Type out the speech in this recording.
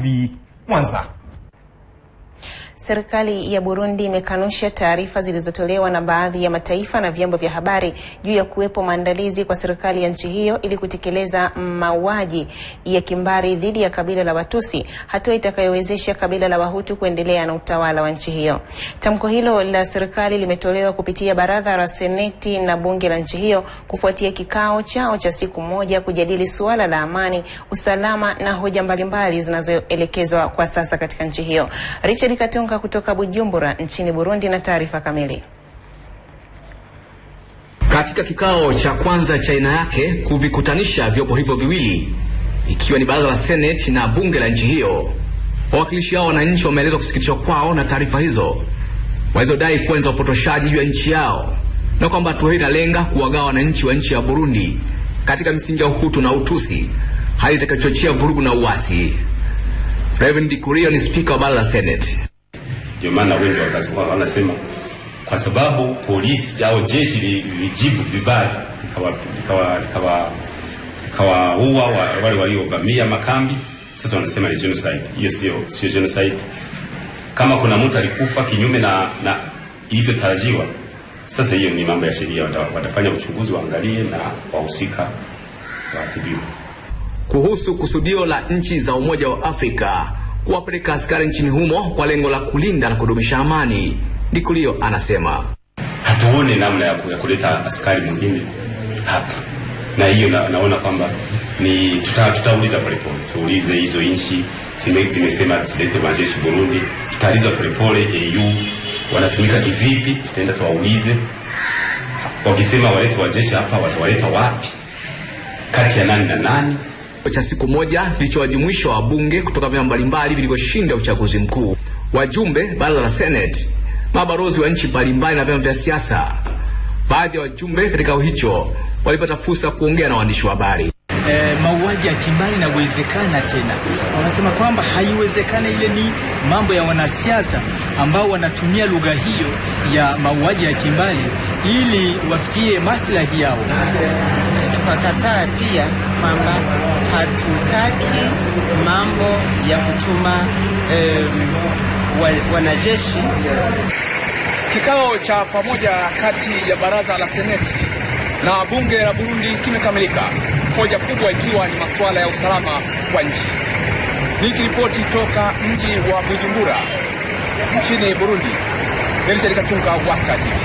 我问她。Serikali ya Burundi imekanusha taarifa zilizotolewa na baadhi ya mataifa na vyombo vya habari juu ya kuwepo maandalizi kwa serikali ya nchi hiyo ili kutekeleza mauaji ya kimbari dhidi ya kabila la Watusi, hatua itakayowezesha kabila la Wahutu kuendelea na utawala wa nchi hiyo. Tamko hilo la serikali limetolewa kupitia baraza la seneti na bunge la nchi hiyo kufuatia kikao chao cha siku moja kujadili suala la amani, usalama na hoja mbalimbali zinazoelekezwa kwa sasa katika nchi hiyo. Richard Katunga Masunga kutoka Bujumbura nchini Burundi na taarifa kamili. Katika kikao cha kwanza cha aina yake kuvikutanisha vyombo hivyo viwili ikiwa ni baraza la seneti na bunge la nchi hiyo, wawakilishi hao wananchi wameelezwa kusikitishwa kwao na taarifa hizo walizodai kuwa ni za upotoshaji juu ya nchi yao na kwamba hatua hii inalenga kuwagawa wananchi wa nchi ya Burundi katika misingi ya uhutu na utusi, hali itakayochochea vurugu na uasi. Reverend Kurio ni spika wa baraza la seneti. Ndio maana wengi wakasema, wanasema kwa sababu polisi au jeshi lilijibu vibaya likawaua wale waliovamia makambi. Sasa wanasema ni genocide. Hiyo sio sio genocide. Kama kuna mtu alikufa kinyume na na ilivyotarajiwa, sasa hiyo ni mambo ya sheria, watafanya uchunguzi, waangalie na wahusika waadhibiwe. Kuhusu kusudio la nchi za Umoja wa Afrika kuwapeleka askari nchini humo kwa lengo la kulinda na kudumisha amani. Ndikulio anasema hatuone namna ya kuleta askari mwingine hapa, na hiyo na, naona kwamba ni tutauliza tuta polepole, tuulize hizo nchi zimesema tulete majeshi Burundi, tutaliza polepole. EU wanatumika kivipi? Tutaenda tuwaulize, wakisema walete wajeshi hapa, watawaleta wapi? Kati ya nani na nani? cha siku moja kilichowajumuisha wabunge kutoka vyama mbalimbali vilivyoshinda uchaguzi mkuu, wajumbe baraza la Seneti, mabalozi wa nchi mbalimbali na vyama vya siasa. Baadhi ya wajumbe katika hicho walipata fursa kuongea na waandishi wa habari. E, mauaji ya kimbari inawezekana tena? Wanasema kwamba haiwezekani ile ni mambo ya wanasiasa ambao wanatumia lugha hiyo ya mauaji ya kimbari ili wafikie maslahi yao tukakataa pia kwamba hatutaki mambo ya kutuma um, wanajeshi. Kikao cha pamoja kati ya baraza la seneti na bunge la Burundi kimekamilika, hoja kubwa ikiwa ni masuala ya usalama kwa nchi. Nikiripoti toka mji wa Bujumbura nchini Burundi, Nelisa Likatunga, Wasta TV.